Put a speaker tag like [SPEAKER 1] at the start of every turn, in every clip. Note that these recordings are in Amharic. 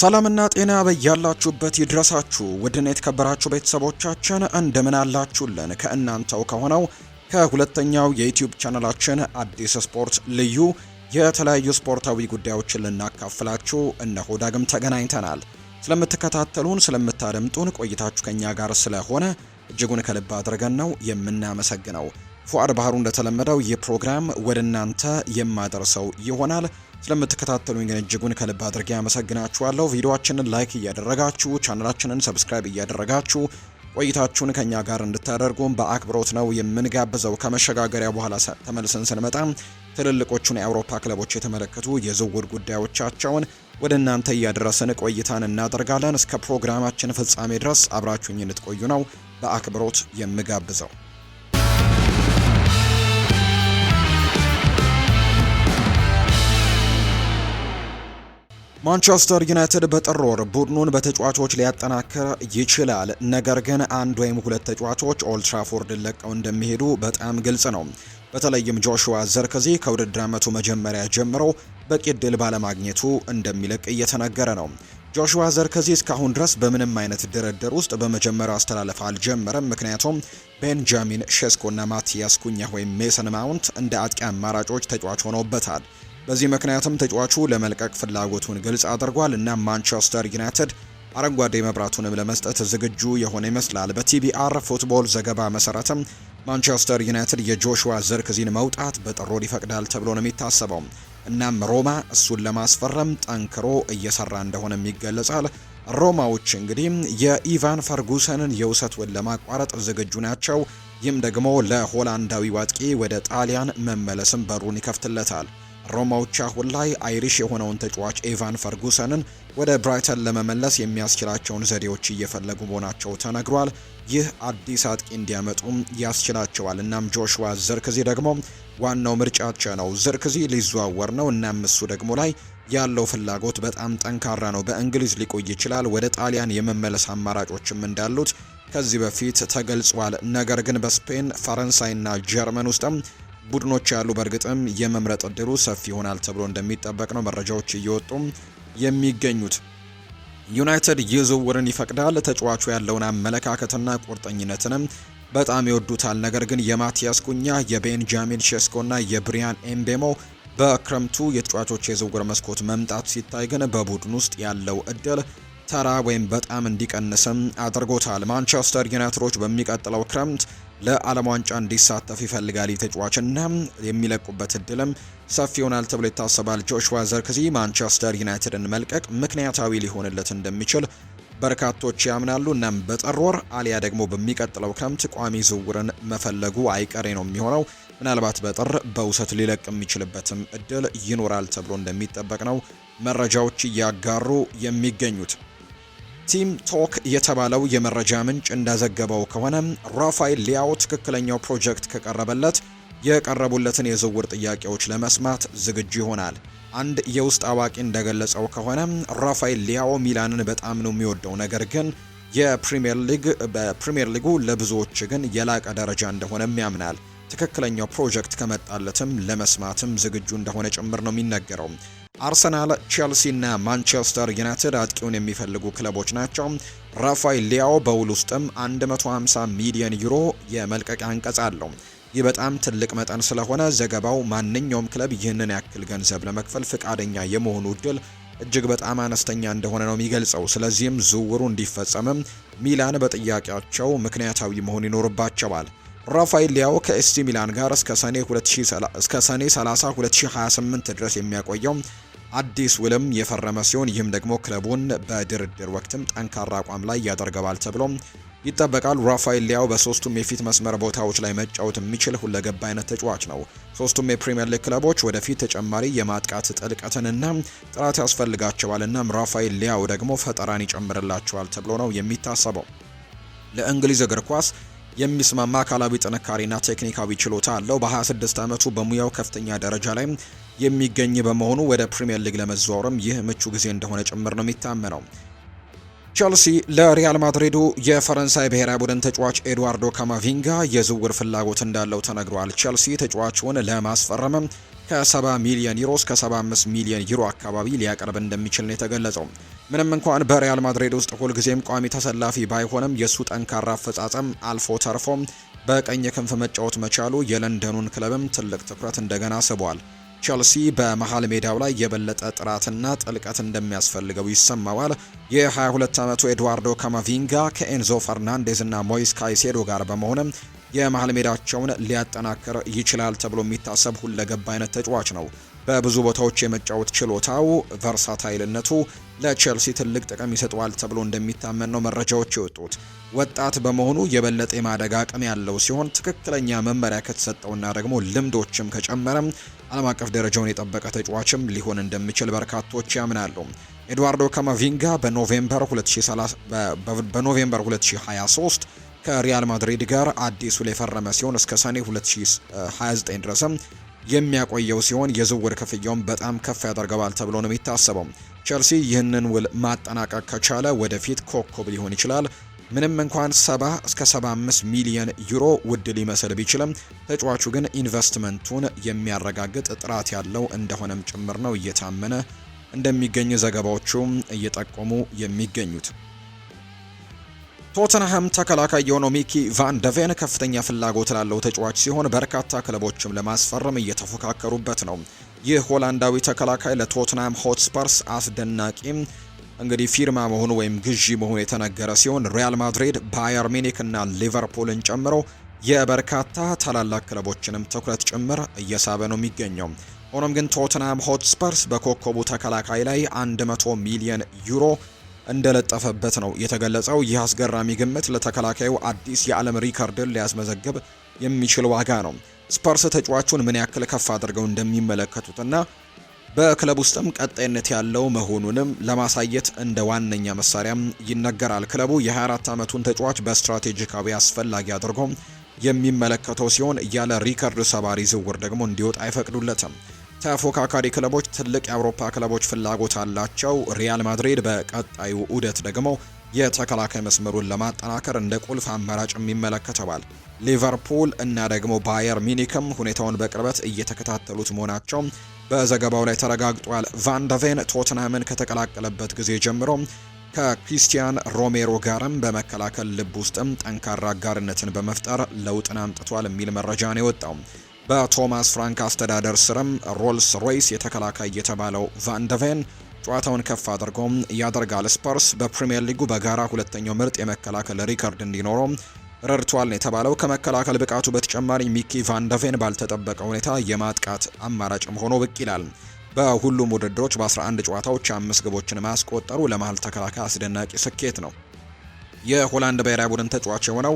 [SPEAKER 1] ሰላምና ጤና በያላችሁበት ይድረሳችሁ ውድና የተከበራችሁ ቤተሰቦቻችን እንደምን አላችሁልን? ከእናንተው ከሆነው ከሁለተኛው የዩትዩብ ቻናላችን አዲስ ስፖርት ልዩ የተለያዩ ስፖርታዊ ጉዳዮችን ልናካፍላችሁ እነሆ ዳግም ተገናኝተናል። ስለምትከታተሉን፣ ስለምታደምጡን ቆይታችሁ ከኛ ጋር ስለሆነ እጅጉን ከልብ አድርገን ነው የምናመሰግነው። ፉአድ ባህሩ እንደተለመደው ይህ ፕሮግራም ወደ እናንተ የማደርሰው ይሆናል። ስለምትከታተሉኝ ግን እጅጉን ከልብ አድርጌ አመሰግናችኋለሁ። ቪዲዮአችንን ላይክ እያደረጋችሁ ቻናላችንን ሰብስክራይብ እያደረጋችሁ ቆይታችሁን ከኛ ጋር እንድታደርጉም በአክብሮት ነው የምንጋብዘው። ከመሸጋገሪያ በኋላ ተመልሰን ስንመጣ ትልልቆቹን የአውሮፓ ክለቦች የተመለከቱ የዝውውር ጉዳዮቻቸውን ወደ እናንተ እያደረስን ቆይታን እናደርጋለን። እስከ ፕሮግራማችን ፍጻሜ ድረስ አብራችሁኝ እንድትቆዩ ነው በአክብሮት የምጋብዘው። ማንቸስተር ዩናይትድ በጥር ወር ቡድኑን በተጫዋቾች ሊያጠናክር ይችላል። ነገር ግን አንድ ወይም ሁለት ተጫዋቾች ኦልትራፎርድን ለቀው እንደሚሄዱ በጣም ግልጽ ነው። በተለይም ጆሹዋ ዘርክዚ ከውድድር ዓመቱ መጀመሪያ ጀምሮ በቂ ድል ባለማግኘቱ እንደሚለቅ እየተነገረ ነው። ጆሹዋ ዘርከዚ እስካሁን ድረስ በምንም አይነት ድርድር ውስጥ በመጀመሪያው አስተላለፍ አልጀመረም። ምክንያቱም ቤንጃሚን ሼስኮና ማቲያስ ኩኛ ወይም ሜሰን ማውንት እንደ አጥቂ አማራጮች ተጫዋች ሆነውበታል። በዚህ ምክንያትም ተጫዋቹ ለመልቀቅ ፍላጎቱን ግልጽ አድርጓል እና ማንቸስተር ዩናይትድ አረንጓዴ መብራቱንም ለመስጠት ዝግጁ የሆነ ይመስላል። በቲቢአር ፉትቦል ዘገባ መሰረትም ማንቸስተር ዩናይትድ የጆሹዋ ዘርክዚን መውጣት በጥር ይፈቅዳል ተብሎ ነው የሚታሰበው። እናም ሮማ እሱን ለማስፈረም ጠንክሮ እየሰራ እንደሆነም ይገለጻል። ሮማዎች እንግዲህ የኢቫን ፈርጉሰንን የውሰት ውል ለማቋረጥ ዝግጁ ናቸው። ይህም ደግሞ ለሆላንዳዊ ዋጥቂ ወደ ጣሊያን መመለስም በሩን ይከፍትለታል። ሮማዎች አሁን ላይ አይሪሽ የሆነውን ተጫዋች ኤቫን ፈርጉሰንን ወደ ብራይተን ለመመለስ የሚያስችላቸውን ዘዴዎች እየፈለጉ መሆናቸው ተነግሯል። ይህ አዲስ አጥቂ እንዲያመጡም ያስችላቸዋል። እናም ጆሹዋ ዝርክዚ ደግሞ ዋናው ምርጫቸው ነው። ዝርክዚ ሊዘዋወር ነው። እናም እሱ ደግሞ ላይ ያለው ፍላጎት በጣም ጠንካራ ነው። በእንግሊዝ ሊቆይ ይችላል። ወደ ጣሊያን የመመለስ አማራጮችም እንዳሉት ከዚህ በፊት ተገልጿል። ነገር ግን በስፔን ፈረንሳይና ጀርመን ውስጥም ቡድኖች ያሉ በእርግጥም የመምረጥ እድሉ ሰፊ ይሆናል ተብሎ እንደሚጠበቅ ነው መረጃዎች እየወጡ የሚገኙት። ዩናይትድ ይህ ዝውውርን ይፈቅዳል። ተጫዋቹ ያለውን አመለካከትና ቁርጠኝነትንም በጣም ይወዱታል። ነገር ግን የማቲያስ ኩኛ፣ የቤንጃሚን ሼስኮና የብሪያን ኤምቤሞ በክረምቱ የተጫዋቾች የዝውውር መስኮት መምጣት ሲታይ ግን በቡድን ውስጥ ያለው እድል ተራ ወይም በጣም እንዲቀንስም አድርጎታል። ማንቸስተር ዩናይትዶች በሚቀጥለው ክረምት ለዓለም ዋንጫ እንዲሳተፍ ይፈልጋል ተጫዋችና የሚለቁበት እድልም ሰፊ ይሆናል ተብሎ ይታሰባል። ጆሹዋ ዘርክዚ ማንቸስተር ዩናይትድን መልቀቅ ምክንያታዊ ሊሆንለት እንደሚችል በርካቶች ያምናሉ። እናም በጥር ወር አሊያ ደግሞ በሚቀጥለው ክረምት ቋሚ ዝውውርን መፈለጉ አይቀሬ ነው የሚሆነው። ምናልባት በጥር በውሰት ሊለቅ የሚችልበትም እድል ይኖራል ተብሎ እንደሚጠበቅ ነው መረጃዎች እያጋሩ የሚገኙት። ቲም ቶክ የተባለው የመረጃ ምንጭ እንደዘገበው ከሆነ ራፋኤል ሊያው ትክክለኛው ፕሮጀክት ከቀረበለት የቀረቡለትን የዝውውር ጥያቄዎች ለመስማት ዝግጁ ይሆናል። አንድ የውስጥ አዋቂ እንደገለጸው ከሆነ ራፋኤል ሊያው ሚላንን በጣም ነው የሚወደው፣ ነገር ግን የፕሪሚየር ሊግ በፕሪሚየር ሊጉ ለብዙዎች ግን የላቀ ደረጃ እንደሆነም ያምናል። ትክክለኛው ፕሮጀክት ከመጣለትም ለመስማትም ዝግጁ እንደሆነ ጭምር ነው የሚነገረው። አርሰናል፣ እና ማንቸስተር ዩናይትድ አጥቂውን የሚፈልጉ ክለቦች ናቸው። ራፋኤል ሊያው በውል ውስጥም 150 ሚሊዮን ዩሮ የመልቀቂያ አንቀጽ አለው። ይህ በጣም ትልቅ መጠን ስለሆነ ዘገባው ማንኛውም ክለብ ይህንን ያክል ገንዘብ ለመክፈል ፈቃደኛ የመሆኑ እድል እጅግ በጣም አነስተኛ እንደሆነ ነው የሚገልጸው። ስለዚህም ዝውውሩ እንዲፈጸምም ሚላን በጥያቄያቸው ምክንያታዊ መሆን ይኖርባቸዋል። ራፋኤል ሊያው ከኤስቲ ሚላን ጋር እስከ ሰኔ 30 2028 ድረስ የሚያቆየው አዲስ ውልም የፈረመ ሲሆን ይህም ደግሞ ክለቡን በድርድር ወቅትም ጠንካራ አቋም ላይ ያደርገዋል ተብሎ ይጠበቃል። ራፋኤል ሊያው በሶስቱም የፊት መስመር ቦታዎች ላይ መጫወት የሚችል ሁለገብ አይነት ተጫዋች ነው። ሶስቱም የፕሪምየር ሊግ ክለቦች ወደፊት ተጨማሪ የማጥቃት ጥልቀትንና ጥራት ያስፈልጋቸዋልና ራፋኤል ሊያው ደግሞ ፈጠራን ይጨምርላቸዋል ተብሎ ነው የሚታሰበው። ለእንግሊዝ እግር ኳስ የሚስማማ አካላዊ ጥንካሬና ቴክኒካዊ ችሎታ አለው። በ26 ዓመቱ በሙያው ከፍተኛ ደረጃ ላይ የሚገኝ በመሆኑ ወደ ፕሪምየር ሊግ ለመዘዋወርም ይህ ምቹ ጊዜ እንደሆነ ጭምር ነው የሚታመነው። ቸልሲ ለሪያል ማድሪዱ የፈረንሳይ ብሔራዊ ቡድን ተጫዋች ኤድዋርዶ ካማቪንጋ የዝውውር ፍላጎት እንዳለው ተነግሯል። ቸልሲ ተጫዋቹን ለማስፈረምም ከ70 ሚሊዮን ዩሮ እስከ 75 ሚሊዮን ዩሮ አካባቢ ሊያቀርብ እንደሚችል ነው የተገለጸው። ምንም እንኳን በሪያል ማድሪድ ውስጥ ሁልጊዜም ቋሚ ተሰላፊ ባይሆንም የእሱ ጠንካራ አፈጻጸም አልፎ ተርፎም በቀኝ ክንፍ መጫወት መቻሉ የለንደኑን ክለብም ትልቅ ትኩረት እንደገና ስቧል። ቸልሲ በመሀል ሜዳው ላይ የበለጠ ጥራትና ጥልቀት እንደሚያስፈልገው ይሰማዋል። የ22 ዓመቱ ኤድዋርዶ ካማቪንጋ ከኤንዞ ፈርናንዴዝ እና ሞይስ ካይሴዶ ጋር በመሆንም የመሀል ሜዳቸውን ሊያጠናክር ይችላል ተብሎ የሚታሰብ ሁለገብ አይነት ተጫዋች ነው። በብዙ ቦታዎች የመጫወት ችሎታው፣ ቨርሳታይልነቱ ለቼልሲ ትልቅ ጥቅም ይሰጠዋል ተብሎ እንደሚታመን ነው መረጃዎች የወጡት። ወጣት በመሆኑ የበለጠ የማደግ አቅም ያለው ሲሆን ትክክለኛ መመሪያ ከተሰጠውና ደግሞ ልምዶችም ከጨመረም ዓለም አቀፍ ደረጃውን የጠበቀ ተጫዋችም ሊሆን እንደሚችል በርካቶች ያምናሉ። ኤድዋርዶ ካማቪንጋ በኖቬምበር 2023 ከሪያል ማድሪድ ጋር አዲሱ ላይ የፈረመ ሲሆን እስከ ሰኔ 2029 ድረስም የሚያቆየው ሲሆን የዝውውር ክፍያውን በጣም ከፍ ያደርገዋል ተብሎ ነው የሚታሰበው። ቸልሲ ይህንን ውል ማጠናቀቅ ከቻለ ወደፊት ኮከብ ሊሆን ይችላል። ምንም እንኳን 70 እስከ 75 ሚሊዮን ዩሮ ውድ ሊመስል ቢችልም ተጫዋቹ ግን ኢንቨስትመንቱን የሚያረጋግጥ ጥራት ያለው እንደሆነም ጭምር ነው እየታመነ እንደሚገኝ ዘገባዎቹም እየጠቆሙ የሚገኙት። ቶተንሃም ተከላካይ የሆነው ሚኪ ቫን ደቬን ከፍተኛ ፍላጎት ላለው ተጫዋች ሲሆን በርካታ ክለቦችም ለማስፈረም እየተፎካከሩበት ነው። ይህ ሆላንዳዊ ተከላካይ ለቶትናም ሆትስፐርስ አስደናቂ እንግዲህ ፊርማ መሆኑ ወይም ግዢ መሆኑ የተነገረ ሲሆን ሪያል ማድሪድ፣ ባየር ሚኒክ እና ሊቨርፑልን ጨምሮ የበርካታ ታላላቅ ክለቦችንም ትኩረት ጭምር እየሳበ ነው የሚገኘው። ሆኖም ግን ቶትናም ሆትስፐርስ በኮከቡ ተከላካይ ላይ 100 ሚሊዮን ዩሮ እንደለጠፈበት ነው የተገለጸው። ይህ አስገራሚ ግምት ለተከላካዩ አዲስ የዓለም ሪከርድን ሊያስመዘግብ የሚችል ዋጋ ነው። ስፐርስ ተጫዋቹን ምን ያክል ከፍ አድርገው እንደሚመለከቱትና በክለብ ውስጥም ቀጣይነት ያለው መሆኑንም ለማሳየት እንደ ዋነኛ መሳሪያም ይነገራል። ክለቡ የ24 ዓመቱን ተጫዋች በስትራቴጂካዊ አስፈላጊ አድርጎ የሚመለከተው ሲሆን ያለ ሪከርድ ሰባሪ ዝውውር ደግሞ እንዲወጣ አይፈቅዱለትም። ተፎካካሪ ክለቦች ትልቅ የአውሮፓ ክለቦች ፍላጎት አላቸው። ሪያል ማድሪድ በቀጣዩ ዑደት ደግሞ የተከላካይ መስመሩን ለማጠናከር እንደ ቁልፍ አማራጭ ይመለከተዋል። ሊቨርፑል እና ደግሞ ባየር ሚኒክም ሁኔታውን በቅርበት እየተከታተሉት መሆናቸው በዘገባው ላይ ተረጋግጧል። ቫንደቬን ቶትናምን ከተቀላቀለበት ጊዜ ጀምሮ ከክሪስቲያን ሮሜሮ ጋርም በመከላከል ልብ ውስጥም ጠንካራ አጋርነትን በመፍጠር ለውጥን አምጥቷል የሚል መረጃ ነው የወጣው። በቶማስ ፍራንክ አስተዳደር ስርም ሮልስ ሮይስ የተከላካይ የተባለው ቫንደቬን ጨዋታውን ከፍ አድርጎም ያደርጋል። ስፐርስ በፕሪምየር ሊጉ በጋራ ሁለተኛው ምርጥ የመከላከል ሪከርድ እንዲኖረው ረድቷል የተባለው ከመከላከል ብቃቱ በተጨማሪ ሚኪ ቫንደቬን ባልተጠበቀ ሁኔታ የማጥቃት አማራጭም ሆኖ ብቅ ይላል። በሁሉም ውድድሮች በ11 ጨዋታዎች አምስት ግቦችን ማስቆጠሩ ለመሀል ተከላካይ አስደናቂ ስኬት ነው። የሆላንድ ብሔራዊ ቡድን ተጫዋች የሆነው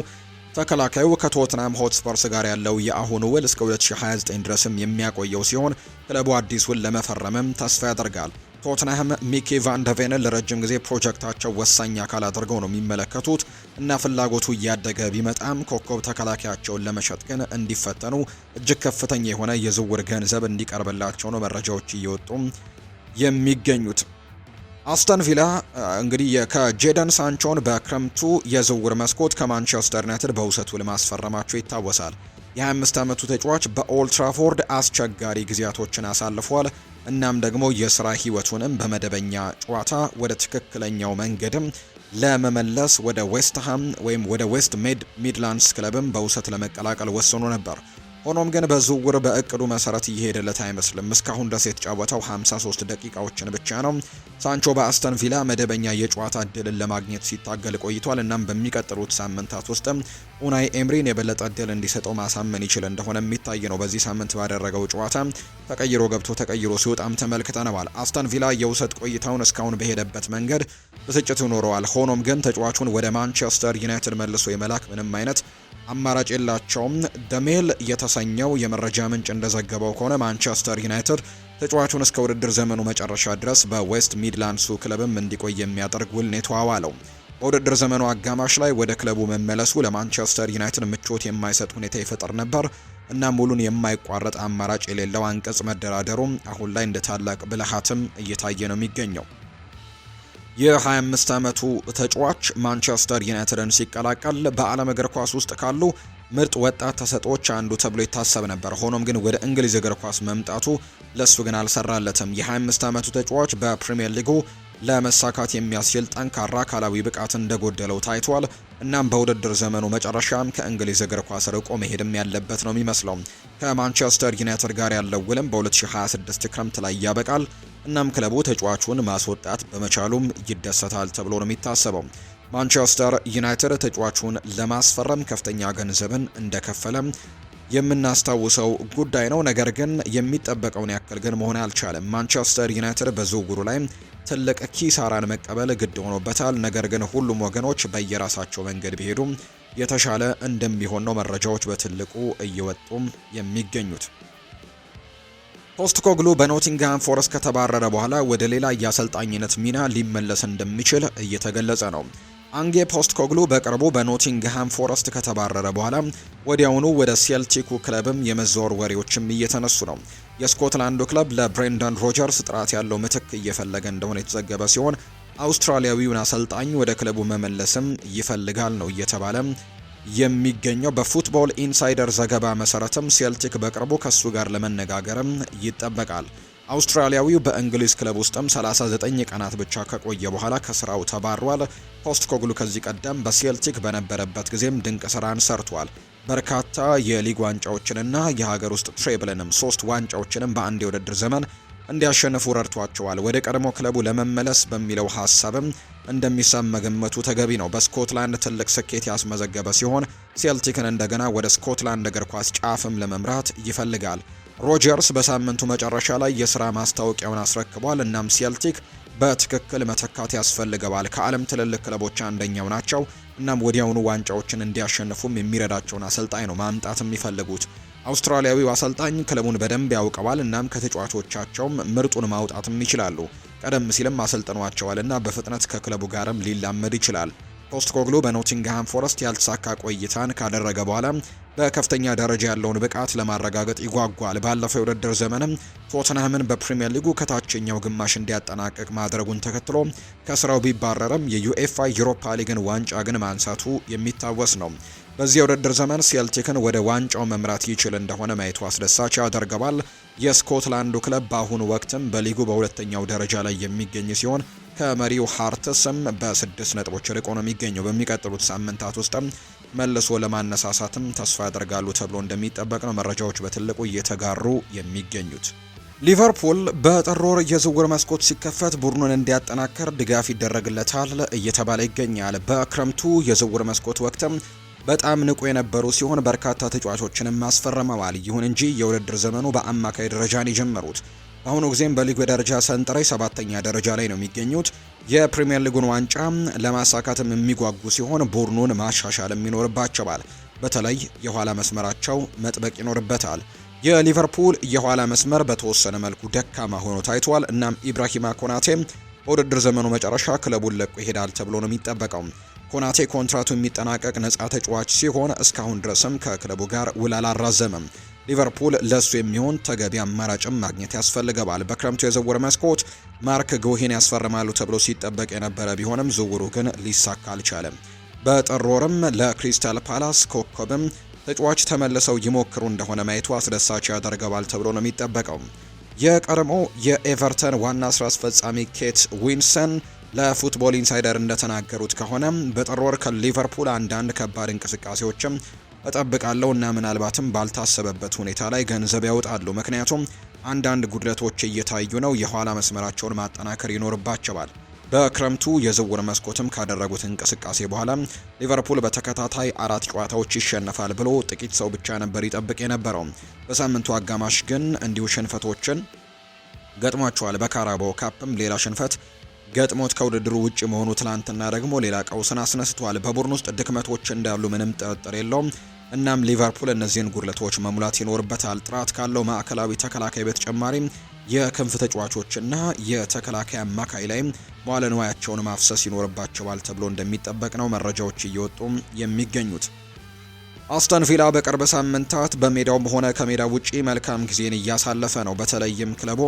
[SPEAKER 1] ተከላካዩ ከቶትናም ሆትስፐርስ ጋር ያለው የአሁኑ ውል እስከ 2029 ድረስም የሚያቆየው ሲሆን ክለቡ አዲስ ውል ለመፈረምም ተስፋ ያደርጋል። ቶትናህም ሚኪ ቫንደቬንን ለረጅም ጊዜ ፕሮጀክታቸው ወሳኝ አካል አድርገው ነው የሚመለከቱት እና ፍላጎቱ እያደገ ቢመጣም ኮከብ ተከላካያቸውን ለመሸጥ ግን እንዲፈተኑ እጅግ ከፍተኛ የሆነ የዝውውር ገንዘብ እንዲቀርብላቸው ነው መረጃዎች እየወጡ የሚገኙት። አስተን ቪላ እንግዲህ ከጄደን ሳንቾን በክረምቱ የዝውውር መስኮት ከማንቸስተር ዩናይትድ በውሰቱ ለማስፈረማቸው ይታወሳል። የ25 ዓመቱ ተጫዋች በኦልትራፎርድ አስቸጋሪ ጊዜያቶችን አሳልፏል። እናም ደግሞ የስራ ህይወቱንም በመደበኛ ጨዋታ ወደ ትክክለኛው መንገድም ለመመለስ ወደ ዌስትሃም ወይም ወደ ዌስት ሚድላንድስ ክለብም በውሰት ለመቀላቀል ወስኖ ነበር። ሆኖም ግን በዝውውር በእቅዱ መሰረት እየሄደለት አይመስልም። እስካሁን ድረስ የተጫወተው 53 ደቂቃዎችን ብቻ ነው። ሳንቾ በአስተን ቪላ መደበኛ የጨዋታ እድልን ለማግኘት ሲታገል ቆይቷል። እናም በሚቀጥሉት ሳምንታት ውስጥም ኡናይ ኤምሪን የበለጠ እድል እንዲሰጠው ማሳመን ይችል እንደሆነ የሚታይ ነው። በዚህ ሳምንት ባደረገው ጨዋታ ተቀይሮ ገብቶ ተቀይሮ ሲወጣም ተመልክተነዋል። አስተን ቪላ የውሰት ቆይታውን እስካሁን በሄደበት መንገድ ብስጭት ይኖረዋል። ሆኖም ግን ተጫዋቹን ወደ ማንቸስተር ዩናይትድ መልሶ የመላክ ምንም አይነት አማራጭ የላቸውም። ደሜል የተሰኘው የመረጃ ምንጭ እንደዘገበው ከሆነ ማንቸስተር ዩናይትድ ተጫዋቹን እስከ ውድድር ዘመኑ መጨረሻ ድረስ በዌስት ሚድላንድሱ ክለብም እንዲቆይ የሚያደርግ ውል ነው የተዋዋለው። በውድድር ዘመኑ አጋማሽ ላይ ወደ ክለቡ መመለሱ ለማንቸስተር ዩናይትድ ምቾት የማይሰጥ ሁኔታ ይፈጠር ነበር እና ሙሉን የማይቋረጥ አማራጭ የሌለው አንቀጽ መደራደሩ አሁን ላይ እንደ ታላቅ ብልሃትም እየታየ ነው የሚገኘው። የ25 ዓመቱ ተጫዋች ማንቸስተር ዩናይትድን ሲቀላቀል በዓለም እግር ኳስ ውስጥ ካሉ ምርጥ ወጣት ተሰጦች አንዱ ተብሎ ይታሰብ ነበር። ሆኖም ግን ወደ እንግሊዝ እግር ኳስ መምጣቱ ለሱ ግን አልሰራለትም። የ25 ዓመቱ ተጫዋች በፕሪምየር ሊጉ ለመሳካት የሚያስችል ጠንካራ አካላዊ ብቃት እንደጎደለው ታይቷል። እናም በውድድር ዘመኑ መጨረሻም ከእንግሊዝ እግር ኳስ ርቆ መሄድም ያለበት ነው የሚመስለው። ከማንቸስተር ዩናይትድ ጋር ያለው ውልም በ2026 ክረምት ላይ ያበቃል። እናም ክለቡ ተጫዋቹን ማስወጣት በመቻሉም ይደሰታል ተብሎ ነው የሚታሰበው። ማንቸስተር ዩናይትድ ተጫዋቹን ለማስፈረም ከፍተኛ ገንዘብን እንደከፈለም የምናስታውሰው ጉዳይ ነው። ነገር ግን የሚጠበቀውን ያክል ግን መሆን አልቻለም። ማንቸስተር ዩናይትድ በዝውውሩ ላይ ትልቅ ኪሳራን መቀበል ግድ ሆኖበታል። ነገር ግን ሁሉም ወገኖች በየራሳቸው መንገድ ቢሄዱም የተሻለ እንደሚሆን ነው መረጃዎች በትልቁ እየወጡም የሚገኙት። ፖስትኮግሉ በኖቲንግሃም ፎረስት ከተባረረ በኋላ ወደ ሌላ የአሰልጣኝነት ሚና ሊመለስ እንደሚችል እየተገለጸ ነው። አንጌ ፖስት ኮግሉ በቅርቡ በኖቲንግሃም ፎረስት ከተባረረ በኋላ ወዲያውኑ ወደ ሴልቲኩ ክለብም የመዘወር ወሬዎችም እየተነሱ ነው። የስኮትላንዱ ክለብ ለብሬንደን ሮጀርስ ጥራት ያለው ምትክ እየፈለገ እንደሆነ የተዘገበ ሲሆን አውስትራሊያዊውን አሰልጣኝ ወደ ክለቡ መመለስም ይፈልጋል ነው እየተባለ የሚገኘው። በፉትቦል ኢንሳይደር ዘገባ መሰረትም ሴልቲክ በቅርቡ ከሱ ጋር ለመነጋገርም ይጠበቃል። አውስትራሊያዊው በእንግሊዝ ክለብ ውስጥም 39 ቀናት ብቻ ከቆየ በኋላ ከስራው ተባሯል። ኮግሉ ከዚህ ቀደም በሴልቲክ በነበረበት ጊዜም ድንቅ ስራን ሰርቷል። በርካታ የሊግ ዋንጫዎችንና የሀገር ውስጥ ትሬብልንም ሶስት ዋንጫዎችንም በአንድ የውድድር ዘመን እንዲያሸንፉ ረድቷቸዋል። ወደ ቀድሞ ክለቡ ለመመለስ በሚለው ሀሳብም እንደሚሰም መገመቱ ተገቢ ነው። በስኮትላንድ ትልቅ ስኬት ያስመዘገበ ሲሆን ሴልቲክን እንደገና ወደ ስኮትላንድ እግር ኳስ ጫፍም ለመምራት ይፈልጋል። ሮጀርስ በሳምንቱ መጨረሻ ላይ የስራ ማስታወቂያውን አስረክቧል። እናም ሴልቲክ በትክክል መተካት ያስፈልገዋል። ከዓለም ትልልቅ ክለቦች አንደኛው ናቸው። እናም ወዲያውኑ ዋንጫዎችን እንዲያሸንፉም የሚረዳቸውን አሰልጣኝ ነው ማምጣት የሚፈልጉት። አውስትራሊያዊው አሰልጣኝ ክለቡን በደንብ ያውቀዋል። እናም ከተጫዋቾቻቸውም ምርጡን ማውጣትም ይችላሉ። ቀደም ሲልም አሰልጥኗቸዋል እና በፍጥነት ከክለቡ ጋርም ሊላመድ ይችላል። ፖስትኮግሉ በኖቲንግሃም ፎረስት ያልተሳካ ቆይታን ካደረገ በኋላ በከፍተኛ ደረጃ ያለውን ብቃት ለማረጋገጥ ይጓጓል። ባለፈው የውድድር ዘመንም ቶትንሃምን በፕሪምየር ሊጉ ከታችኛው ግማሽ እንዲያጠናቅቅ ማድረጉን ተከትሎ ከስራው ቢባረርም የዩኤፋ ዩሮፓ ሊግን ዋንጫ ግን ማንሳቱ የሚታወስ ነው። በዚህ የውድድር ዘመን ሴልቲክን ወደ ዋንጫው መምራት ይችል እንደሆነ ማየቱ አስደሳች ያደርገዋል። የስኮትላንዱ ክለብ በአሁኑ ወቅትም በሊጉ በሁለተኛው ደረጃ ላይ የሚገኝ ሲሆን ከመሪው ሃርትስም በስድስት ነጥቦች ርቆ ነው የሚገኘው። በሚቀጥሉት ሳምንታት ውስጥም መልሶ ለማነሳሳትም ተስፋ ያደርጋሉ ተብሎ እንደሚጠበቅ ነው መረጃዎች በትልቁ እየተጋሩ የሚገኙት። ሊቨርፑል በጥር ወር የዝውውር መስኮት ሲከፈት ቡድኑን እንዲያጠናከር ድጋፍ ይደረግለታል እየተባለ ይገኛል። በክረምቱ የዝውውር መስኮት ወቅትም በጣም ንቁ የነበሩ ሲሆን በርካታ ተጫዋቾችንም አስፈርመዋል። ይሁን እንጂ የውድድር ዘመኑ በአማካይ ደረጃን የጀመሩት አሁኑ ጊዜም በሊጉ የደረጃ ሰንጠረዥ ሰባተኛ ደረጃ ላይ ነው የሚገኙት። የፕሪምየር ሊጉን ዋንጫ ለማሳካትም የሚጓጉ ሲሆን ቡድኑን ማሻሻል ይኖርባቸዋል። በተለይ የኋላ መስመራቸው መጥበቅ ይኖርበታል። የሊቨርፑል የኋላ መስመር በተወሰነ መልኩ ደካማ ሆኖ ታይቷል። እናም ኢብራሂማ ኮናቴ በውድድር ዘመኑ መጨረሻ ክለቡን ለቆ ይሄዳል ተብሎ ነው የሚጠበቀው። ኮናቴ ኮንትራቱ የሚጠናቀቅ ነጻ ተጫዋች ሲሆን እስካሁን ድረስም ከክለቡ ጋር ውል አላራዘመም። ሊቨርፑል ለሱ የሚሆን ተገቢ አማራጭም ማግኘት ያስፈልገዋል። በክረምቱ የዝውውር መስኮት ማርክ ጉሂን ያስፈርማሉ ተብሎ ሲጠበቅ የነበረ ቢሆንም ዝውውሩ ግን ሊሳካ አልቻለም። በጥር ወርም ለክሪስታል ፓላስ ኮከብም ተጫዋች ተመልሰው ይሞክሩ እንደሆነ ማየቱ አስደሳች ያደርገዋል ተብሎ ነው የሚጠበቀው። የቀድሞ የኤቨርተን ዋና ስራ አስፈጻሚ ኬት ዊንሰን ለፉትቦል ኢንሳይደር እንደተናገሩት ከሆነ በጥር ወር ከሊቨርፑል አንዳንድ ከባድ እንቅስቃሴዎችም እጠብቃለሁ እና ምናልባትም ባልታሰበበት ሁኔታ ላይ ገንዘብ ያወጣሉ። ምክንያቱም አንዳንድ ጉድለቶች እየታዩ ነው። የኋላ መስመራቸውን ማጠናከር ይኖርባቸዋል። በክረምቱ የዝውውር መስኮትም ካደረጉት እንቅስቃሴ በኋላ ሊቨርፑል በተከታታይ አራት ጨዋታዎች ይሸነፋል ብሎ ጥቂት ሰው ብቻ ነበር ይጠብቅ የነበረው። በሳምንቱ አጋማሽ ግን እንዲሁ ሽንፈቶችን ገጥሟቸዋል። በካራባው ካፕም ሌላ ሽንፈት ገጥሞት ከውድድሩ ውጭ መሆኑ ትላንትና ደግሞ ሌላ ቀውስን አስነስቷል። በቡድን ውስጥ ድክመቶች እንዳሉ ምንም ጥርጥር የለውም። እናም ሊቨርፑል እነዚህን ጉድለቶች መሙላት ይኖርበታል። ጥራት ካለው ማዕከላዊ ተከላካይ በተጨማሪም የክንፍ ተጫዋቾችና የተከላካይ አማካይ ላይ መዋለ ንዋያቸውን ማፍሰስ ይኖርባቸዋል ተብሎ እንደሚጠበቅ ነው መረጃዎች እየወጡ የሚገኙት። አስተን ቪላ በቅርብ ሳምንታት በሜዳውም ሆነ ከሜዳ ውጪ መልካም ጊዜን እያሳለፈ ነው። በተለይም ክለቡ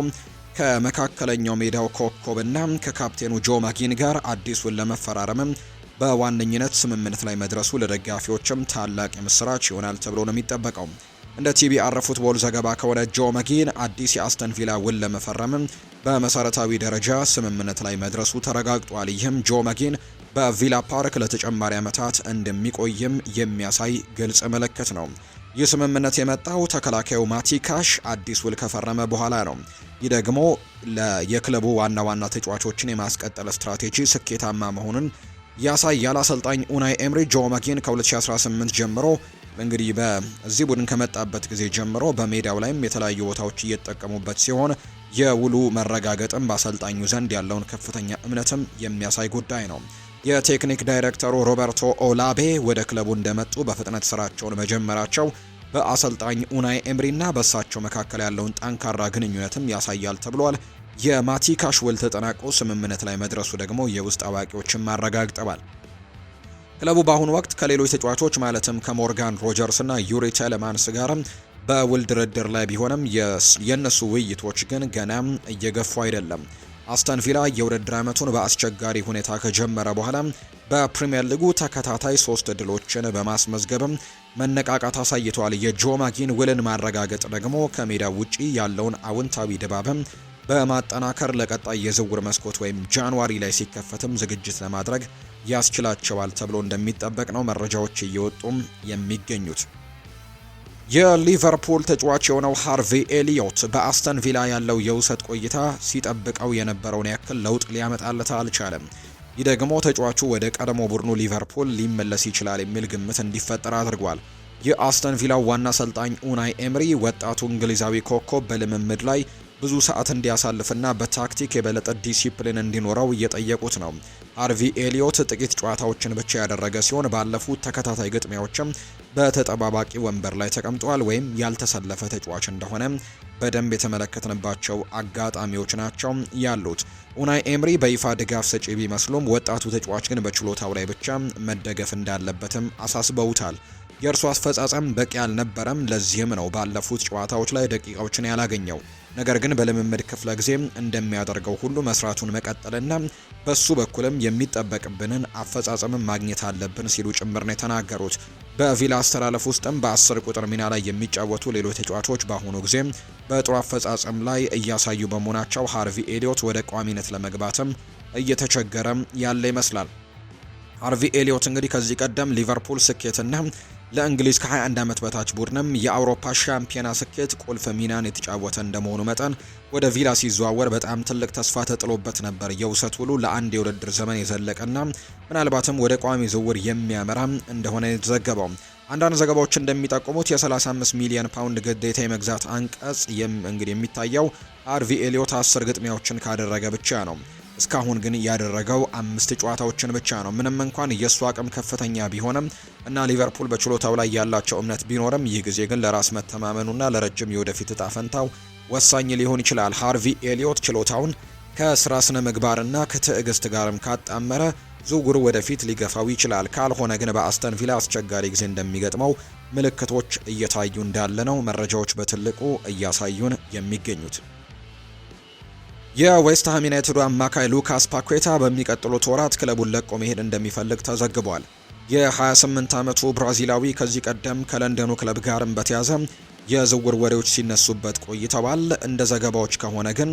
[SPEAKER 1] ከመካከለኛው ሜዳው ኮከብና ከካፕቴኑ ጆ ማጊን ጋር አዲሱን ለመፈራረምም በዋነኝነት ስምምነት ላይ መድረሱ ለደጋፊዎችም ታላቅ የምስራች ይሆናል ተብሎ ነው የሚጠበቀው። እንደ ቲቢአር ፉትቦል ዘገባ ከሆነ ጆ መጊን አዲስ የአስተን ቪላ ውል ለመፈረምም በመሰረታዊ ደረጃ ስምምነት ላይ መድረሱ ተረጋግጧል። ይህም ጆ መጊን በቪላ ፓርክ ለተጨማሪ ዓመታት እንደሚቆይም የሚያሳይ ግልጽ ምልክት ነው። ይህ ስምምነት የመጣው ተከላካዩ ማቲ ካሽ አዲስ ውል ከፈረመ በኋላ ነው። ይህ ደግሞ የክለቡ ዋና ዋና ተጫዋቾችን የማስቀጠል ስትራቴጂ ስኬታማ መሆኑን ያሳያል። አሰልጣኝ ኡናይ ኤምሪ ጆ ማኪን ከ2018 ጀምሮ እንግዲህ በዚህ ቡድን ከመጣበት ጊዜ ጀምሮ በሜዳው ላይም የተለያዩ ቦታዎች እየተጠቀሙበት ሲሆን የውሉ መረጋገጥም በአሰልጣኙ ዘንድ ያለውን ከፍተኛ እምነትም የሚያሳይ ጉዳይ ነው። የቴክኒክ ዳይሬክተሩ ሮበርቶ ኦላቤ ወደ ክለቡ እንደመጡ በፍጥነት ስራቸውን መጀመራቸው በአሰልጣኝ ኡናይ ኤምሪና በእሳቸው መካከል ያለውን ጠንካራ ግንኙነትም ያሳያል ተብሏል። የማቲካሽ ውል ተጠናቆ ስምምነት ላይ መድረሱ ደግሞ የውስጥ አዋቂዎችን ማረጋግጠዋል። ክለቡ በአሁኑ ወቅት ከሌሎች ተጫዋቾች ማለትም ከሞርጋን ሮጀርስ እና ዩሪ ቴለማንስ ጋርም በውል ድርድር ላይ ቢሆንም የእነሱ ውይይቶች ግን ገና እየገፉ አይደለም። አስተን ቪላ የውድድር ዓመቱን በአስቸጋሪ ሁኔታ ከጀመረ በኋላ በፕሪምየር ሊጉ ተከታታይ ሶስት ድሎችን በማስመዝገብም መነቃቃት አሳይቷል። የጆ ማጊን ውልን ማረጋገጥ ደግሞ ከሜዳ ውጪ ያለውን አውንታዊ ድባብም በማጠናከር ለቀጣይ የዝውውር መስኮት ወይም ጃንዋሪ ላይ ሲከፈትም ዝግጅት ለማድረግ ያስችላቸዋል ተብሎ እንደሚጠበቅ ነው መረጃዎች እየወጡም የሚገኙት። የሊቨርፑል ተጫዋች የሆነው ሃርቪ ኤሊዮት በአስተን ቪላ ያለው የውሰት ቆይታ ሲጠብቀው የነበረውን ያክል ለውጥ ሊያመጣለት አልቻለም። ይህ ደግሞ ተጫዋቹ ወደ ቀድሞ ቡድኑ ሊቨርፑል ሊመለስ ይችላል የሚል ግምት እንዲፈጠር አድርጓል። የአስተን ቪላው ዋና አሰልጣኝ ኡናይ ኤምሪ ወጣቱ እንግሊዛዊ ኮከብ በልምምድ ላይ ብዙ ሰዓት እንዲያሳልፍና በታክቲክ የበለጠ ዲሲፕሊን እንዲኖረው እየጠየቁት ነው። ሃርቪ ኤሊዮት ጥቂት ጨዋታዎችን ብቻ ያደረገ ሲሆን ባለፉት ተከታታይ ግጥሚያዎችም በተጠባባቂ ወንበር ላይ ተቀምጧል ወይም ያልተሰለፈ ተጫዋች እንደሆነ በደንብ የተመለከትንባቸው አጋጣሚዎች ናቸው ያሉት። ኡናይ ኤምሪ በይፋ ድጋፍ ሰጪ ቢመስሉም ወጣቱ ተጫዋች ግን በችሎታው ላይ ብቻ መደገፍ እንዳለበትም አሳስበውታል። የእርሱ አስፈጻጸም በቂ አልነበረም። ለዚህም ነው ባለፉት ጨዋታዎች ላይ ደቂቃዎችን ያላገኘው። ነገር ግን በልምምድ ክፍለ ጊዜ እንደሚያደርገው ሁሉ መስራቱን መቀጠልና በሱ በኩልም የሚጠበቅብንን አፈጻጸምን ማግኘት አለብን ሲሉ ጭምር ነው የተናገሩት። በቪላ አስተላለፍ ውስጥም በአስር ቁጥር ሚና ላይ የሚጫወቱ ሌሎች ተጫዋቾች በአሁኑ ጊዜ በጥሩ አፈጻጸም ላይ እያሳዩ በመሆናቸው ሃርቪ ኤሊዮት ወደ ቋሚነት ለመግባትም እየተቸገረም ያለ ይመስላል። ሃርቪ ኤሊዮት እንግዲህ ከዚህ ቀደም ሊቨርፑል ስኬትና ለእንግሊዝ ከ21 ዓመት በታች ቡድንም የአውሮፓ ሻምፒዮና ስኬት ቁልፍ ሚናን የተጫወተ እንደመሆኑ መጠን ወደ ቪላ ሲዘዋወር በጣም ትልቅ ተስፋ ተጥሎበት ነበር። የውሰት ውሉ ለአንድ የውድድር ዘመን የዘለቀና ምናልባትም ወደ ቋሚ ዝውውር የሚያመራ እንደሆነ የተዘገበው። አንዳንድ ዘገባዎች እንደሚጠቁሙት የ35 ሚሊዮን ፓውንድ ግዴታ የመግዛት አንቀጽ እንግዲህ የሚታየው አርቪ ኤሊዮት አስር ግጥሚያዎችን ካደረገ ብቻ ነው። እስካሁን ግን ያደረገው አምስት ጨዋታዎችን ብቻ ነው። ምንም እንኳን የእሱ አቅም ከፍተኛ ቢሆንም እና ሊቨርፑል በችሎታው ላይ ያላቸው እምነት ቢኖርም ይህ ጊዜ ግን ለራስ መተማመኑና ለረጅም የወደፊት እጣ ፈንታው ወሳኝ ሊሆን ይችላል። ሃርቪ ኤሊዮት ችሎታውን ከስራ ስነ ምግባርና ከትዕግስት ጋርም ካጣመረ ዝውውሩ ወደፊት ሊገፋው ይችላል። ካልሆነ ግን በአስተን ቪላ አስቸጋሪ ጊዜ እንደሚገጥመው ምልክቶች እየታዩ እንዳለ ነው መረጃዎች በትልቁ እያሳዩን የሚገኙት። የዌስትሃም ዩናይትዱ አማካይ ሉካስ ፓኩዌታ በሚቀጥሉት ወራት ክለቡን ለቆ መሄድ እንደሚፈልግ ተዘግቧል። የ28 ዓመቱ ብራዚላዊ ከዚህ ቀደም ከለንደኑ ክለብ ጋርም በተያዘ የዝውውር ወሬዎች ሲነሱበት ቆይተዋል። እንደ ዘገባዎች ከሆነ ግን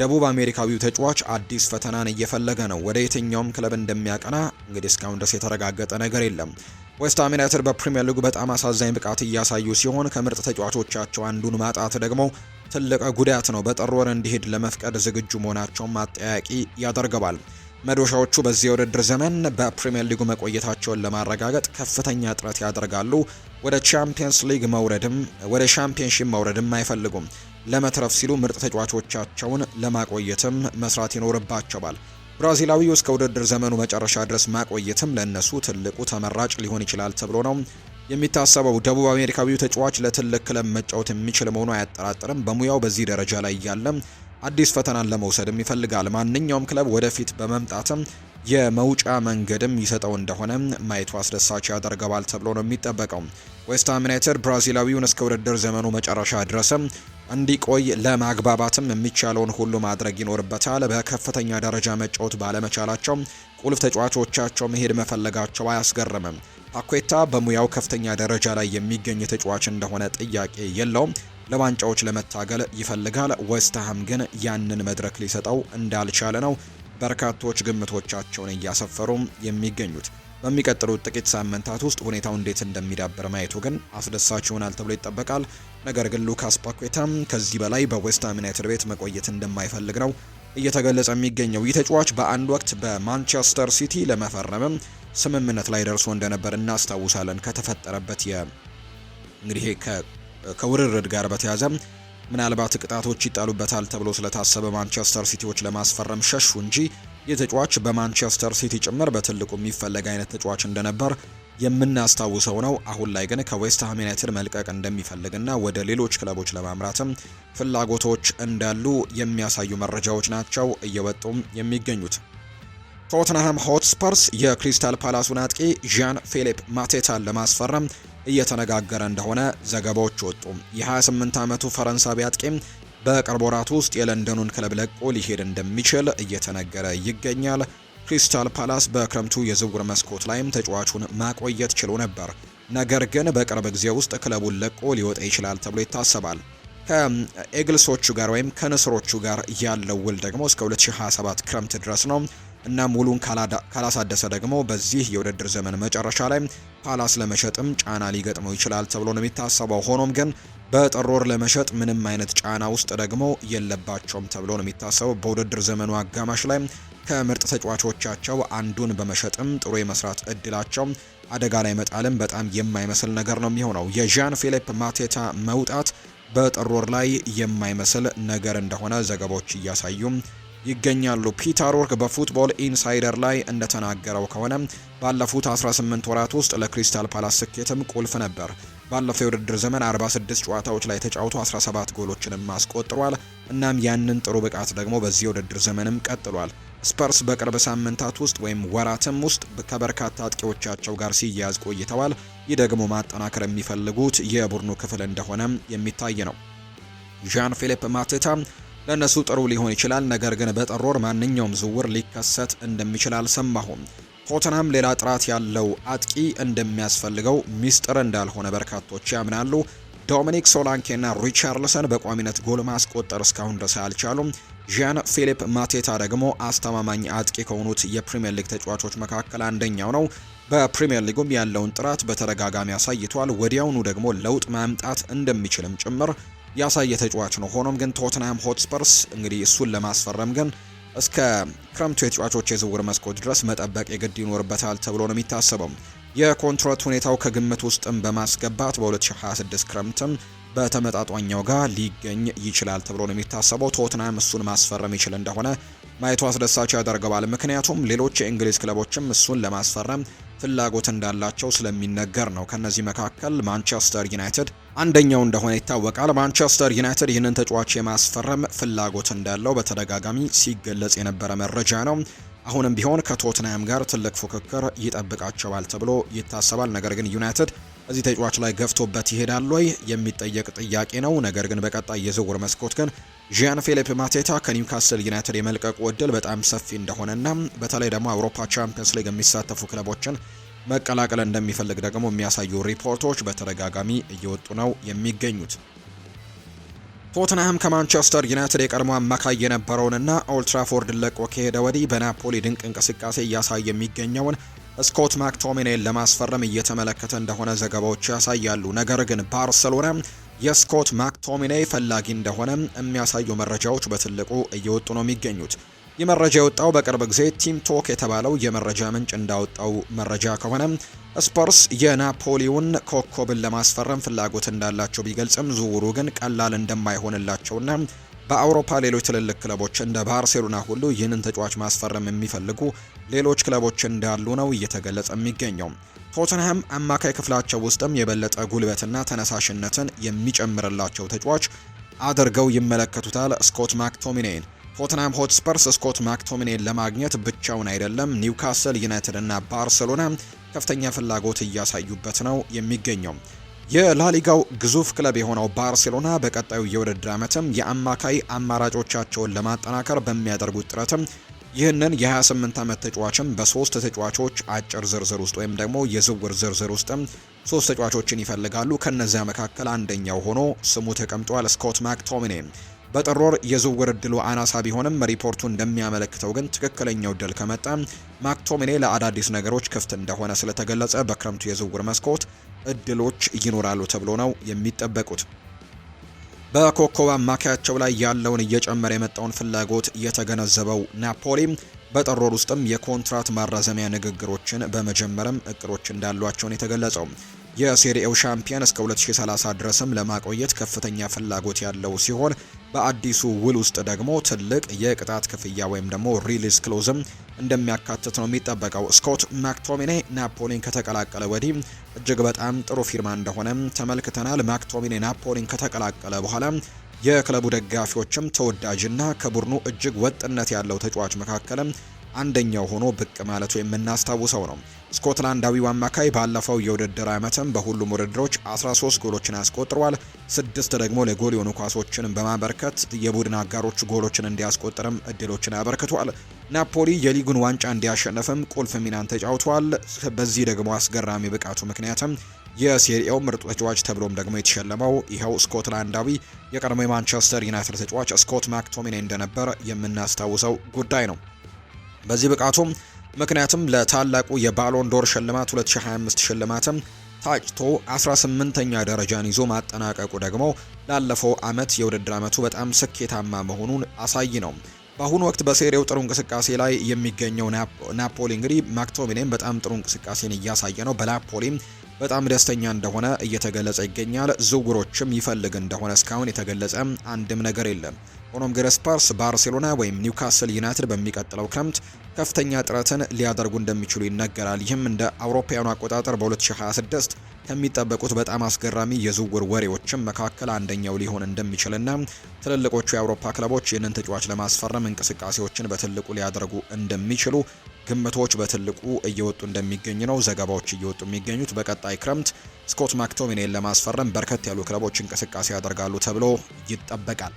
[SPEAKER 1] ደቡብ አሜሪካዊው ተጫዋች አዲስ ፈተናን እየፈለገ ነው። ወደ የትኛውም ክለብ እንደሚያቀና እንግዲህ እስካሁን ድረስ የተረጋገጠ ነገር የለም። ዌስትሃም ዩናይትድ በፕሪምየር ሊጉ በጣም አሳዛኝ ብቃት እያሳዩ ሲሆን ከምርጥ ተጫዋቾቻቸው አንዱን ማጣት ደግሞ ትልቅ ጉዳት ነው። በጥር ወር እንዲሄድ ለመፍቀድ ዝግጁ መሆናቸውን ማጠያቂ ያደርገዋል። መዶሻዎቹ በዚህ የውድድር ዘመን በፕሪምየር ሊጉ መቆየታቸውን ለማረጋገጥ ከፍተኛ ጥረት ያደርጋሉ። ወደ ቻምፒየንስ ሊግ መውረድም ወደ ቻምፒየንሺፕ መውረድም አይፈልጉም። ለመትረፍ ሲሉ ምርጥ ተጫዋቾቻቸውን ለማቆየትም መስራት ይኖርባቸዋል። ብራዚላዊው እስከ ውድድር ዘመኑ መጨረሻ ድረስ ማቆየትም ለእነሱ ትልቁ ተመራጭ ሊሆን ይችላል ተብሎ ነው የሚታሰበው ደቡብ አሜሪካዊው ተጫዋች ለትልቅ ክለብ መጫወት የሚችል መሆኑ አያጠራጥርም። በሙያው በዚህ ደረጃ ላይ እያለም አዲስ ፈተናን ለመውሰድም ይፈልጋል። ማንኛውም ክለብ ወደፊት በመምጣትም የመውጫ መንገድም ይሰጠው እንደሆነ ማየቱ አስደሳች ያደርገዋል ተብሎ ነው የሚጠበቀው። ዌስትሃም ዩናይትድ ብራዚላዊውን እስከ ውድድር ዘመኑ መጨረሻ ድረስም እንዲቆይ ለማግባባትም የሚቻለውን ሁሉ ማድረግ ይኖርበታል። በከፍተኛ ደረጃ መጫወት ባለመቻላቸው ቁልፍ ተጫዋቾቻቸው መሄድ መፈለጋቸው አያስገርምም። አኩዌታ በሙያው ከፍተኛ ደረጃ ላይ የሚገኝ ተጫዋች እንደሆነ ጥያቄ የለውም። ለዋንጫዎች ለመታገል ይፈልጋል። ዌስትሃም ግን ያንን መድረክ ሊሰጠው እንዳልቻለ ነው በርካቶች ግምቶቻቸውን እያሰፈሩ የሚገኙት። በሚቀጥሉት ጥቂት ሳምንታት ውስጥ ሁኔታው እንዴት እንደሚዳብር ማየቱ ግን አስደሳች ይሆናል ተብሎ ይጠበቃል። ነገር ግን ሉካስ ፓኬታም ከዚህ በላይ በዌስትሃም ዩናይትድ ቤት መቆየት እንደማይፈልግ ነው እየተገለጸ የሚገኘው። ይህ ተጫዋች በአንድ ወቅት በማንቸስተር ሲቲ ለመፈረምም ስምምነት ላይ ደርሶ እንደነበር እናስታውሳለን። ከተፈጠረበት እንግዲህ ከውርርድ ጋር በተያዘ ምናልባት ቅጣቶች ይጣሉበታል ተብሎ ስለታሰበ ማንቸስተር ሲቲዎች ለማስፈረም ሸሹ እንጂ ይህ ተጫዋች በማንቸስተር ሲቲ ጭምር በትልቁ የሚፈለግ አይነት ተጫዋች እንደነበር የምናስታውሰው ነው። አሁን ላይ ግን ከዌስትሃም ዩናይትድ መልቀቅ እንደሚፈልግና ወደ ሌሎች ክለቦች ለማምራትም ፍላጎቶች እንዳሉ የሚያሳዩ መረጃዎች ናቸው እየወጡም የሚገኙት። ቶትንሃም ሆትስፐርስ የክሪስታል ፓላሱን አጥቂ ዣን ፊሊፕ ማቴታን ለማስፈረም እየተነጋገረ እንደሆነ ዘገባዎች ወጡ። የ28 ዓመቱ ፈረንሳዊ አጥቂ በቅርብ ወራት ውስጥ የለንደኑን ክለብ ለቆ ሊሄድ እንደሚችል እየተነገረ ይገኛል። ክሪስታል ፓላስ በክረምቱ የዝውውር መስኮት ላይም ተጫዋቹን ማቆየት ችሎ ነበር። ነገር ግን በቅርብ ጊዜ ውስጥ ክለቡን ለቆ ሊወጣ ይችላል ተብሎ ይታሰባል። ከኤግልሶቹ ጋር ወይም ከንስሮቹ ጋር ያለው ውል ደግሞ እስከ 2027 ክረምት ድረስ ነው። እና ሙሉን ካላሳደሰ ደግሞ በዚህ የውድድር ዘመን መጨረሻ ላይ ፓላስ ለመሸጥም ጫና ሊገጥመው ይችላል ተብሎ ነው የሚታሰበው። ሆኖም ግን በጥር ወር ለመሸጥ ምንም አይነት ጫና ውስጥ ደግሞ የለባቸውም ተብሎ ነው የሚታሰበው። በውድድር ዘመኑ አጋማሽ ላይ ከምርጥ ተጫዋቾቻቸው አንዱን በመሸጥም ጥሩ የመስራት እድላቸው አደጋ ላይ መጣልም በጣም የማይመስል ነገር ነው የሚሆነው። የዣን ፊሊፕ ማቴታ መውጣት በጥር ወር ላይ የማይመስል ነገር እንደሆነ ዘገባዎች እያሳዩም ይገኛሉ። ፒተር ወርክ በፉትቦል ኢንሳይደር ላይ እንደተናገረው ከሆነ ባለፉት 18 ወራት ውስጥ ለክሪስታል ፓላስ ስኬትም ቁልፍ ነበር። ባለፈው የውድድር ዘመን 46 ጨዋታዎች ላይ ተጫውቶ 17 ጎሎችንም አስቆጥሯል። እናም ያንን ጥሩ ብቃት ደግሞ በዚህ የውድድር ዘመንም ቀጥሏል። ስፐርስ በቅርብ ሳምንታት ውስጥ ወይም ወራትም ውስጥ ከበርካታ አጥቂዎቻቸው ጋር ሲያያዝ ቆይተዋል። ይህ ደግሞ ማጠናከር የሚፈልጉት የቡድኑ ክፍል እንደሆነ የሚታይ ነው። ዣን ፊሊፕ ማቴታ ለእነሱ ጥሩ ሊሆን ይችላል። ነገር ግን በጥር ወር ማንኛውም ዝውውር ሊከሰት እንደሚችል አልሰማሁም። ቶተናም ሌላ ጥራት ያለው አጥቂ እንደሚያስፈልገው ሚስጥር እንዳልሆነ በርካቶች ያምናሉ። ዶሚኒክ ሶላንኬና ሪቻርልሰን በቋሚነት ጎል ማስቆጠር እስካሁን ድረስ አልቻሉም። ዣን ፊሊፕ ማቴታ ደግሞ አስተማማኝ አጥቂ ከሆኑት የፕሪምየር ሊግ ተጫዋቾች መካከል አንደኛው ነው። በፕሪምየር ሊጉም ያለውን ጥራት በተደጋጋሚ አሳይቷል። ወዲያውኑ ደግሞ ለውጥ ማምጣት እንደሚችልም ጭምር ያሳየ ተጫዋች ነው። ሆኖም ግን ቶትናም ሆትስፐርስ እንግዲህ እሱን ለማስፈረም ግን እስከ ክረምቱ የተጫዋቾች የዝውውር መስኮት ድረስ መጠበቅ የግድ ይኖርበታል ተብሎ ነው የሚታሰበው። የኮንትራት ሁኔታው ከግምት ውስጥም በማስገባት በ2026 ክረምትም በተመጣጧኛው ጋር ሊገኝ ይችላል ተብሎ ነው የሚታሰበው። ቶትናም እሱን ማስፈረም ይችል እንደሆነ ማየቱ አስደሳች ያደርገዋል። ምክንያቱም ሌሎች የእንግሊዝ ክለቦችም እሱን ለማስፈረም ፍላጎት እንዳላቸው ስለሚነገር ነው። ከነዚህ መካከል ማንቸስተር ዩናይትድ አንደኛው እንደሆነ ይታወቃል። ማንቸስተር ዩናይትድ ይህንን ተጫዋች የማስፈረም ፍላጎት እንዳለው በተደጋጋሚ ሲገለጽ የነበረ መረጃ ነው። አሁንም ቢሆን ከቶትናም ጋር ትልቅ ፉክክር ይጠብቃቸዋል ተብሎ ይታሰባል። ነገር ግን ዩናይትድ እዚህ ተጫዋች ላይ ገፍቶበት ይሄዳል ወይ የሚጠየቅ ጥያቄ ነው። ነገር ግን በቀጣይ የዝውውር መስኮት ግን ዣን ፊሊፕ ማቴታ ከኒውካስል ዩናይትድ የመልቀቁ እድል በጣም ሰፊ እንደሆነና በተለይ ደግሞ አውሮፓ ቻምፒየንስ ሊግ የሚሳተፉ ክለቦችን መቀላቀል እንደሚፈልግ ደግሞ የሚያሳዩ ሪፖርቶች በተደጋጋሚ እየወጡ ነው የሚገኙት። ቶትንሃም ከማንቸስተር ዩናይትድ የቀድሞ አማካይ የነበረውንና ኦልትራፎርድን ለቆ ከሄደ ወዲህ በናፖሊ ድንቅ እንቅስቃሴ እያሳየ የሚገኘውን ስኮት ማክቶሚኔን ለማስፈረም እየተመለከተ እንደሆነ ዘገባዎች ያሳያሉ። ነገር ግን ባርሰሎና የስኮት ማክቶሚኔ ፈላጊ እንደሆነ የሚያሳዩ መረጃዎች በትልቁ እየወጡ ነው የሚገኙት። ይህ መረጃ የወጣው በቅርብ ጊዜ ቲም ቶክ የተባለው የመረጃ ምንጭ እንዳወጣው መረጃ ከሆነ ስፐርስ የናፖሊውን ኮከብን ለማስፈረም ፍላጎት እንዳላቸው ቢገልጽም ዝውውሩ ግን ቀላል እንደማይሆንላቸውና በአውሮፓ ሌሎች ትልልቅ ክለቦች እንደ ባርሴሎና ሁሉ ይህንን ተጫዋች ማስፈረም የሚፈልጉ ሌሎች ክለቦች እንዳሉ ነው እየተገለጸ የሚገኘው። ቶተንሃም አማካይ ክፍላቸው ውስጥም የበለጠ ጉልበትና ተነሳሽነትን የሚጨምርላቸው ተጫዋች አድርገው ይመለከቱታል። ስኮት ማክቶሚኔን ቶተንሃም ሆትስፐርስ ስኮት ማክቶሚኔን ለማግኘት ብቻውን አይደለም፣ ኒውካስል ዩናይትድ እና ባርሴሎና ከፍተኛ ፍላጎት እያሳዩበት ነው የሚገኘው። የላሊጋው ግዙፍ ክለብ የሆነው ባርሴሎና በቀጣዩ የውድድር ዓመትም የአማካይ አማራጮቻቸውን ለማጠናከር በሚያደርጉት ጥረትም ይህንን የ28 ዓመት ተጫዋችም በሶስት ተጫዋቾች አጭር ዝርዝር ውስጥ ወይም ደግሞ የዝውውር ዝርዝር ውስጥም ሶስት ተጫዋቾችን ይፈልጋሉ። ከነዚያ መካከል አንደኛው ሆኖ ስሙ ተቀምጧል፣ ስኮት ማክቶሚኔ። በጥር ወር የዝውውር እድሉ አናሳ ቢሆንም ሪፖርቱ እንደሚያመለክተው ግን ትክክለኛው እድል ከመጣ ማክቶሚኔ ለአዳዲስ ነገሮች ክፍት እንደሆነ ስለተገለጸ በክረምቱ የዝውውር መስኮት እድሎች ይኖራሉ ተብሎ ነው የሚጠበቁት። በኮከብ አማካያቸው ላይ ያለውን እየጨመረ የመጣውን ፍላጎት የተገነዘበው ናፖሊ በጥር ውስጥም የኮንትራት ማራዘሚያ ንግግሮችን በመጀመርም እቅዶች እንዳሏቸውን የተገለጸው የሴሪኤው ሻምፒዮን እስከ 2030 ድረስም ለማቆየት ከፍተኛ ፍላጎት ያለው ሲሆን በአዲሱ ውል ውስጥ ደግሞ ትልቅ የቅጣት ክፍያ ወይም ደግሞ ሪሊዝ ክሎዝም እንደሚያካትት ነው የሚጠበቀው። ስኮት ማክቶሚኔ ናፖሊን ከተቀላቀለ ወዲህ እጅግ በጣም ጥሩ ፊርማ እንደሆነ ተመልክተናል። ማክቶሚኔ ናፖሊን ከተቀላቀለ በኋላ የክለቡ ደጋፊዎችም ተወዳጅና ከቡድኑ እጅግ ወጥነት ያለው ተጫዋች መካከልም አንደኛው ሆኖ ብቅ ማለቱ የምናስታውሰው ነው። ስኮትላንዳዊው አማካይ ባለፈው የውድድር ዓመትም በሁሉም ውድድሮች 13 ጎሎችን አስቆጥሯል። ስድስት ደግሞ ለጎል የሆኑ ኳሶችን በማበርከት የቡድን አጋሮች ጎሎችን እንዲያስቆጥርም እድሎችን አበርክቷል። ናፖሊ የሊጉን ዋንጫ እንዲያሸንፍም ቁልፍ ሚናን ተጫውቷል። በዚህ ደግሞ አስገራሚ ብቃቱ ምክንያትም የሴሪኤው ምርጡ ተጫዋች ተብሎም ደግሞ የተሸለመው ይኸው ስኮትላንዳዊ የቀድሞ የማንቸስተር ዩናይትድ ተጫዋች ስኮት ማክቶሚኔ እንደነበር የምናስታውሰው ጉዳይ ነው። በዚህ ብቃቱም ምክንያቱም ለታላቁ የባሎንዶር ሽልማት 2025 ሽልማትም ታጭቶ 18ኛ ደረጃን ይዞ ማጠናቀቁ ደግሞ ላለፈው ዓመት የውድድር ዓመቱ በጣም ስኬታማ መሆኑን አሳይ ነው። በአሁኑ ወቅት በሴሪው ጥሩ እንቅስቃሴ ላይ የሚገኘው ናፖሊ እንግዲህ ማክቶሚኔም በጣም ጥሩ እንቅስቃሴን እያሳየ ነው። በናፖሊም በጣም ደስተኛ እንደሆነ እየተገለጸ ይገኛል። ዝውውሮችም ይፈልግ እንደሆነ እስካሁን የተገለጸ አንድም ነገር የለም። ሆኖም ግን ስፐርስ፣ ባርሴሎና ወይም ኒውካስል ዩናይትድ በሚቀጥለው ክረምት ከፍተኛ ጥረትን ሊያደርጉ እንደሚችሉ ይነገራል። ይህም እንደ አውሮፓውያኑ አቆጣጠር በ2026 ከሚጠበቁት በጣም አስገራሚ የዝውውር ወሬዎችም መካከል አንደኛው ሊሆን እንደሚችልና ትልልቆቹ የአውሮፓ ክለቦች ይህንን ተጫዋች ለማስፈረም እንቅስቃሴዎችን በትልቁ ሊያደርጉ እንደሚችሉ ግምቶች በትልቁ እየወጡ እንደሚገኙ ነው ዘገባዎች እየወጡ የሚገኙት። በቀጣይ ክረምት ስኮት ማክቶሚኔን ለማስፈረም በርከት ያሉ ክለቦች እንቅስቃሴ ያደርጋሉ ተብሎ ይጠበቃል።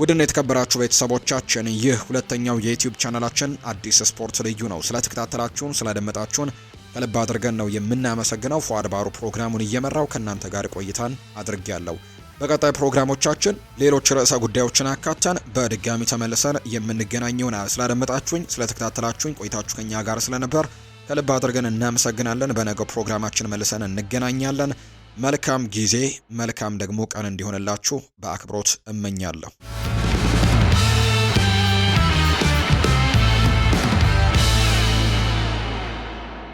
[SPEAKER 1] ውድን የተከበራችሁ ቤተሰቦቻችን ይህ ሁለተኛው የዩትዩብ ቻናላችን አዲስ ስፖርት ልዩ ነው። ስለተከታተላችሁን ስላደመጣችሁን ከልብ አድርገን ነው የምናመሰግነው። ፏድ ባሩ ፕሮግራሙን እየመራው ከእናንተ ጋር ቆይታን አድርጌያለሁ። በቀጣይ ፕሮግራሞቻችን ሌሎች ርዕሰ ጉዳዮችን አካተን በድጋሚ ተመልሰን የምንገናኝ ይሆናል። ስላደመጣችሁኝ፣ ስለተከታተላችሁኝ ቆይታችሁ ከኛ ጋር ስለነበር ከልብ አድርገን እናመሰግናለን። በነገው ፕሮግራማችን መልሰን እንገናኛለን። መልካም ጊዜ መልካም ደግሞ ቀን እንዲሆንላችሁ በአክብሮት እመኛለሁ።